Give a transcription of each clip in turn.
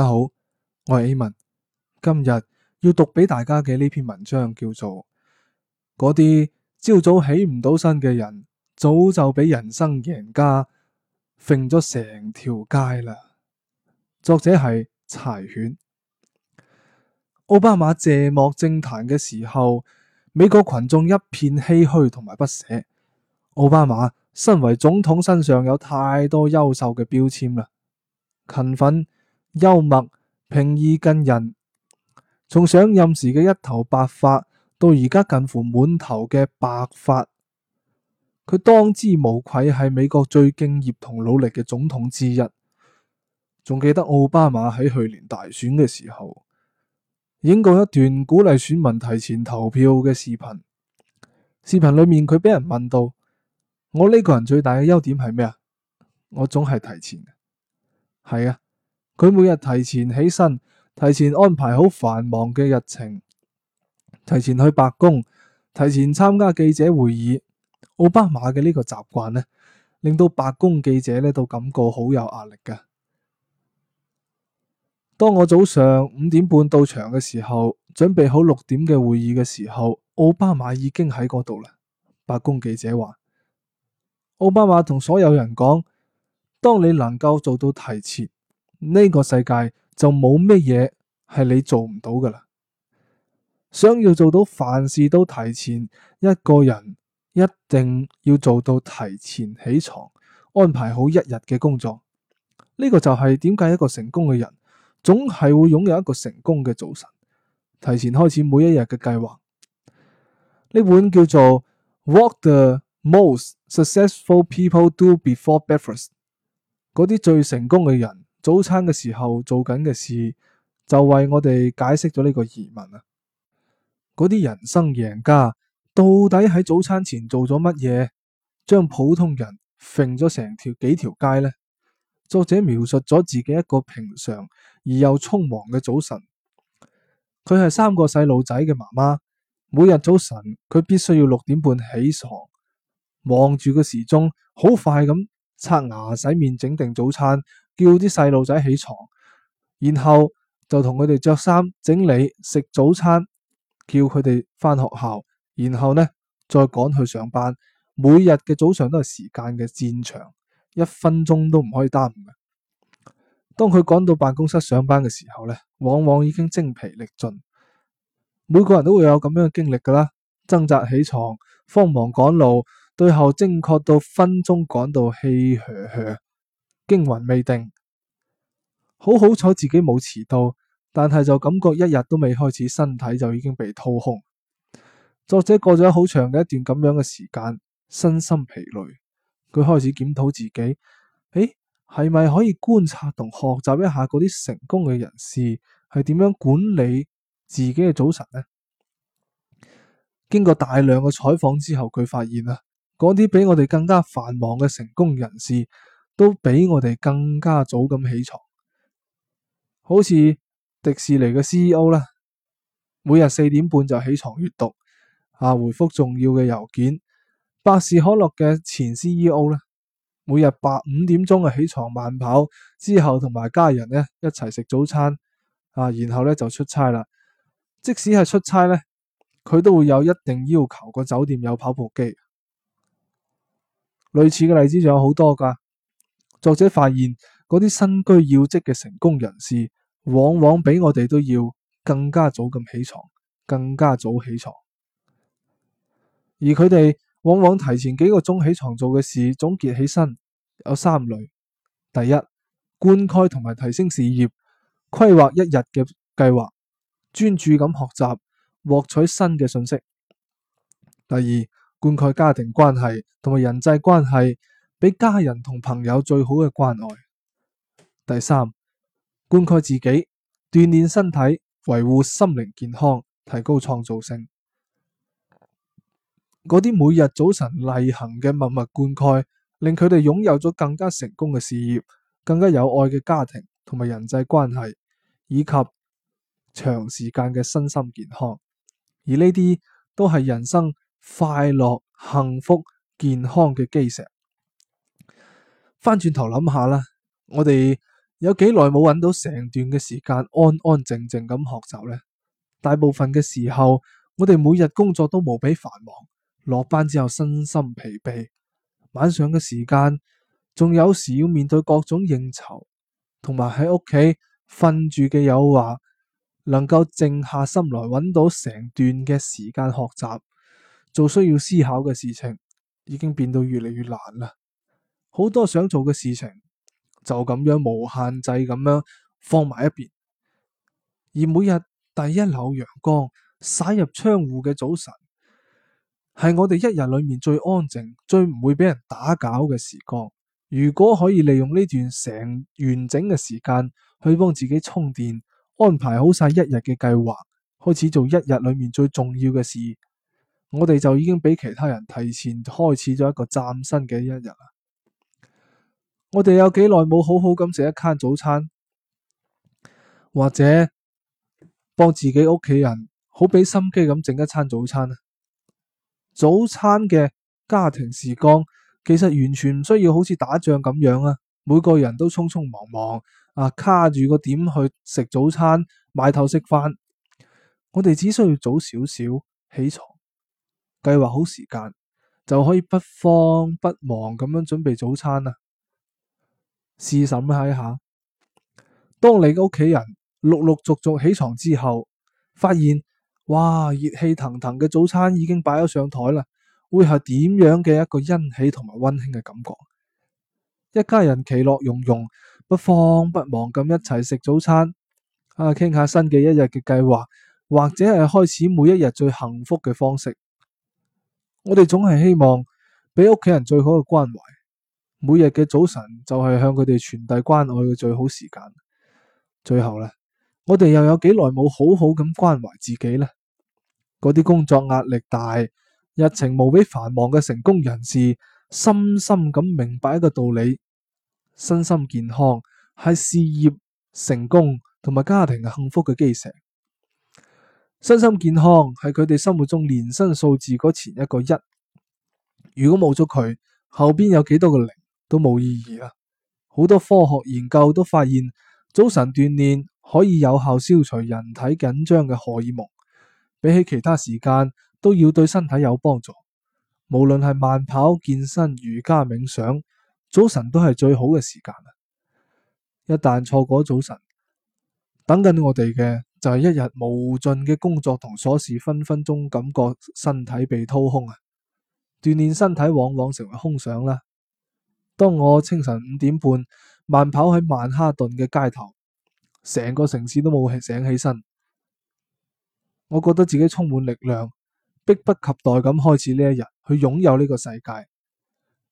大家好，我係 a 文。今日要讀俾大家嘅呢篇文章叫做《嗰啲朝早起唔到身嘅人，早就俾人生贏家揈咗成條街啦》。作者係柴犬。奧巴馬謝幕政壇嘅時候，美國群眾一片唏噓同埋不捨。奧巴馬身為總統，身上有太多優秀嘅標籤啦，勤奮、幽默、平易近人，從上任時嘅一頭黑髮到而家近乎滿頭嘅白髮，佢當之無愧係美國最敬業同努力嘅總統之一。仲記得奧巴馬喺去年大選嘅時候，影過一段鼓勵選民提前投票嘅視頻。視頻裏面佢俾人問到：我呢個人最大嘅優點係咩啊？我總係提前嘅，係啊。佢每日提前起身，提前安排好繁忙嘅日程，提前去白宮，提前參加記者會議。奧巴馬嘅呢個習慣呢，令到白宮記者呢都感覺好有壓力噶。當我早上五點半到場嘅時候，準備好六點嘅會議嘅時候，奧巴馬已經喺嗰度啦。白宮記者話。奧巴馬同所有人講，當你能夠做到提前。呢個世界就冇咩嘢係你做唔到噶啦！想要做到凡事都提前，一個人一定要做到提前起床，安排好一日嘅工作。呢個就係點解一個成功嘅人總係會擁有一個成功嘅早晨，提前開始每一日嘅計劃。呢本叫做《What the Most Successful People Do Before Breakfast》嗰啲最成功嘅人，早餐嘅時候做緊嘅事，就為我哋解釋咗呢個疑問啊！嗰啲人生贏家到底喺早餐前做咗乜嘢，將普通人揈咗成條幾條街呢？作者描述咗自己一個平常而又匆忙嘅早晨。佢係三個細路仔嘅媽媽，每日早晨，佢必須要六點半起床，望住個時鐘，好快咁刷牙、洗面、整定早餐。叫啲細路仔起床，然後就同佢哋着衫、整理、食早餐，叫佢哋翻學校，然後呢，再趕去上班。每日嘅早上都係時間嘅戰場，一分鐘都唔可以耽誤。當佢趕到辦公室上班嘅時候呢，往往已經精疲力盡。每個人都會有咁樣嘅經歷噶啦，掙扎起床，慌忙趕路，最後精確到分鐘趕到嘻嘻嘻，氣噓噓。驚魂未定，好好彩自己冇遲到，但係就感覺一日都未開始，身體就已經被掏空。作者過咗好長嘅一段咁樣嘅時間，身心疲累。佢開始檢討自己，誒、欸，係咪可以觀察同學習一下嗰啲成功嘅人士係點樣管理自己嘅早晨呢？經過大量嘅採訪之後，佢發現啊，嗰啲比我哋更加繁忙嘅成功人士。都比我哋更加早咁起床，好似迪士尼嘅 CEO 啦，每日四點半就起床閱讀啊，回覆重要嘅郵件。百事可樂嘅前 CEO 咧，每日八五點鐘啊起床慢跑，之後同埋家人咧一齊食早餐啊，然後咧就出差啦。即使係出差咧，佢都會有一定要求，個酒店有跑步機。類似嘅例子仲有好多噶。作者發現嗰啲身居要職嘅成功人士，往往比我哋都要更加早咁起床，更加早起床。而佢哋往往提前幾個鐘起床做嘅事，總結起身有三類：第一，灌溉同埋提升事業，規劃一日嘅計劃，專注咁學習，獲取新嘅信息；第二，灌溉家庭關係同埋人際關係。俾家人同朋友最好嘅關愛。第三，灌溉自己，鍛煉身體，維護心靈健康，提高創造性。嗰啲每日早晨例行嘅默默灌溉，令佢哋擁有咗更加成功嘅事業、更加有愛嘅家庭同埋人際關係，以及長時間嘅身心健康。而呢啲都係人生快樂、幸福、健康嘅基石。翻轉頭諗下啦，我哋有幾耐冇揾到成段嘅時間安安靜靜咁學習呢？大部分嘅時候，我哋每日工作都無比繁忙，落班之後身心疲憊，晚上嘅時間仲有時要面對各種應酬，同埋喺屋企瞓住嘅誘惑，能夠靜下心來揾到成段嘅時間學習做需要思考嘅事情，已經變到越嚟越難啦。好多想做嘅事情就咁樣無限制咁樣放埋一邊，而每日第一縷陽光灑入窗戶嘅早晨，係我哋一日裏面最安靜、最唔會俾人打攪嘅時光。如果可以利用呢段成完整嘅時間去幫自己充電，安排好晒一日嘅計劃，開始做一日裏面最重要嘅事，我哋就已經比其他人提前開始咗一個嶄新嘅一日啦。我哋有幾耐冇好好咁食一餐早餐，或者幫自己屋企人好俾心機咁整一餐早餐啊！早餐嘅家庭時光其實完全唔需要好似打仗咁樣啊！每個人都匆匆忙忙啊，卡住個點去食早餐，買頭食飯。我哋只需要早少少起床，計劃好時間，就可以不慌不忙咁樣準備早餐啊！試諗下一下，當你嘅屋企人陸陸續續起床之後，發現哇，熱氣騰騰嘅早餐已經擺咗上台啦，會係點樣嘅一個欣喜同埋溫馨嘅感覺？一家人其樂融融，不慌不忙咁一齊食早餐，啊，傾下新嘅一日嘅計劃，或者係開始每一日最幸福嘅方式。我哋總係希望俾屋企人最好嘅關懷。每日嘅早晨就係向佢哋傳遞關愛嘅最好時間。最後呢，我哋又有幾耐冇好好咁關懷自己呢？嗰啲工作壓力大、日程無比繁忙嘅成功人士，深深咁明白一個道理：身心健康係事業成功同埋家庭幸福嘅基石。身心健康係佢哋心目中年薪數字嗰前一個一。如果冇咗佢，後邊有幾多個零？都冇意義啦！好多科學研究都發現，早晨鍛煉可以有效消除人體緊張嘅荷爾蒙，比起其他時間都要對身體有幫助。無論係慢跑、健身、瑜伽、冥想，早晨都係最好嘅時間啦！一旦錯過早晨，等緊我哋嘅就係一日無盡嘅工作同瑣事，分分鐘感覺身體被掏空啊！鍛煉身體往往成為空想啦～當我清晨五點半慢跑喺曼哈頓嘅街頭，成個城市都冇醒起身，我覺得自己充滿力量，迫不及待咁開始呢一日去擁有呢個世界。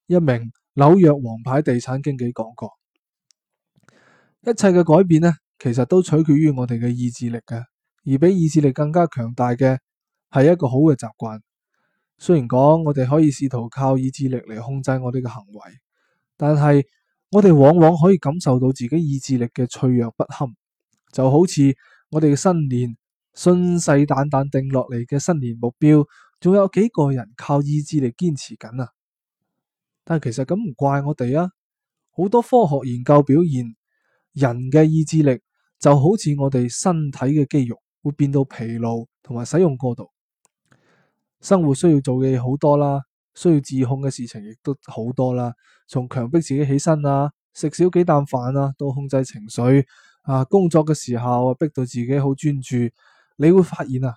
一名紐約皇牌地產經紀講過：一切嘅改變呢，其實都取決於我哋嘅意志力嘅，而比意志力更加強大嘅係一個好嘅習慣。雖然講我哋可以試圖靠意志力嚟控制我哋嘅行為。但係我哋往往可以感受到自己意志力嘅脆弱不堪，就好似我哋新年信誓旦旦定落嚟嘅新年目標，仲有幾個人靠意志力堅持緊啊？但其實咁唔怪我哋啊，好多科學研究表現人嘅意志力就好似我哋身體嘅肌肉會變到疲勞同埋使用過度。生活需要做嘅嘢好多啦。需要自控嘅事情亦都好多啦，從強迫自己起身啊，食少幾啖飯啊，到控制情緒啊，工作嘅時候啊，逼到自己好專注，你會發現啊，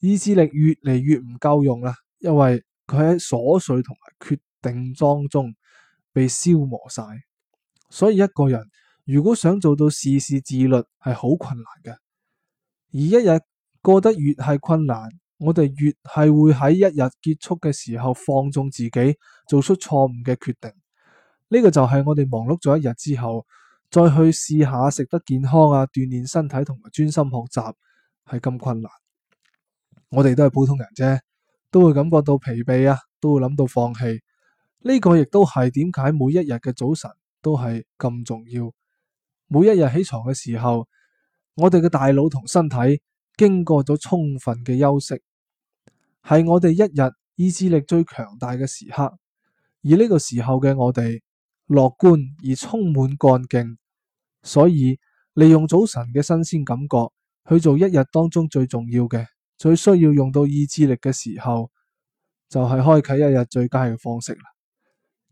意志力越嚟越唔夠用啦，因為佢喺瑣碎同埋決定當中被消磨晒，所以一個人如果想做到事事自律，係好困難嘅，而一日過得越係困難。我哋越係會喺一日結束嘅時候放縱自己，做出錯誤嘅決定。呢個就係我哋忙碌咗一日之後，再去試下食得健康啊、鍛煉身體同埋專心學習係咁困難。我哋都係普通人啫，都會感覺到疲憊啊，都會諗到放棄。呢個亦都係點解每一日嘅早晨都係咁重要。每一日起床嘅時候，我哋嘅大腦同身體經過咗充分嘅休息，係我哋一日意志力最強大嘅時刻，而呢個時候嘅我哋樂觀而充滿幹勁，所以利用早晨嘅新鮮感覺去做一日當中最重要嘅、最需要用到意志力嘅時候，就係開啟一日最佳嘅方式啦。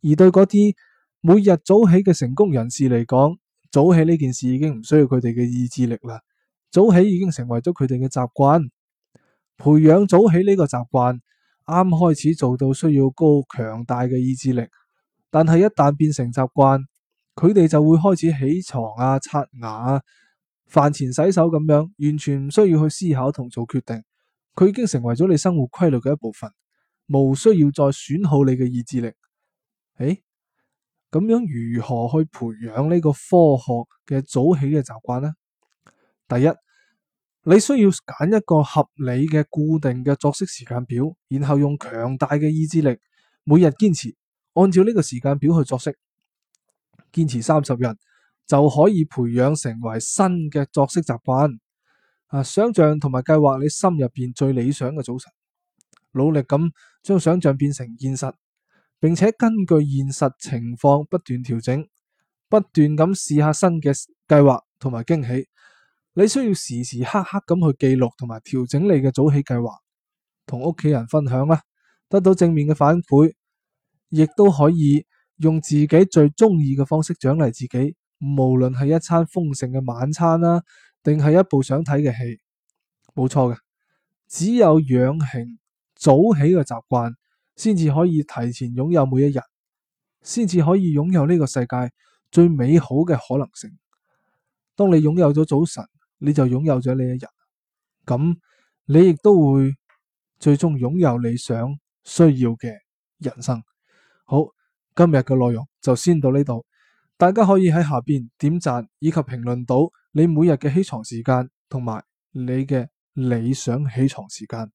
而對嗰啲每日早起嘅成功人士嚟講，早起呢件事已經唔需要佢哋嘅意志力啦，早起已經成為咗佢哋嘅習慣。培養早起呢個習慣，啱開始做到需要高強大嘅意志力，但係一旦變成習慣，佢哋就會開始起床啊、刷牙啊、飯前洗手咁樣，完全唔需要去思考同做決定，佢已經成為咗你生活規律嘅一部分，無需要再損耗你嘅意志力。誒，咁樣如何去培養呢個科學嘅早起嘅習慣呢？第一。你需要揀一個合理嘅固定嘅作息時間表，然後用強大嘅意志力，每日堅持按照呢個時間表去作息，堅持三十日就可以培養成為新嘅作息習慣。啊，想象同埋計劃你心入邊最理想嘅早晨，努力咁將想象變成現實，並且根據現實情況不斷調整，不斷咁試下新嘅計劃同埋驚喜。你需要時時刻刻咁去記錄同埋調整你嘅早起計劃，同屋企人分享啦，得到正面嘅反饋，亦都可以用自己最中意嘅方式獎勵自己，無論係一餐豐盛嘅晚餐啦，定係一部想睇嘅戲，冇錯嘅。只有養成早起嘅習慣，先至可以提前擁有每一日，先至可以擁有呢個世界最美好嘅可能性。當你擁有咗早晨，你就擁有咗呢一日，咁你亦都會最終擁有你想需要嘅人生。好，今日嘅內容就先到呢度，大家可以喺下邊點讚以及評論到你每日嘅起床時間同埋你嘅理想起床時間。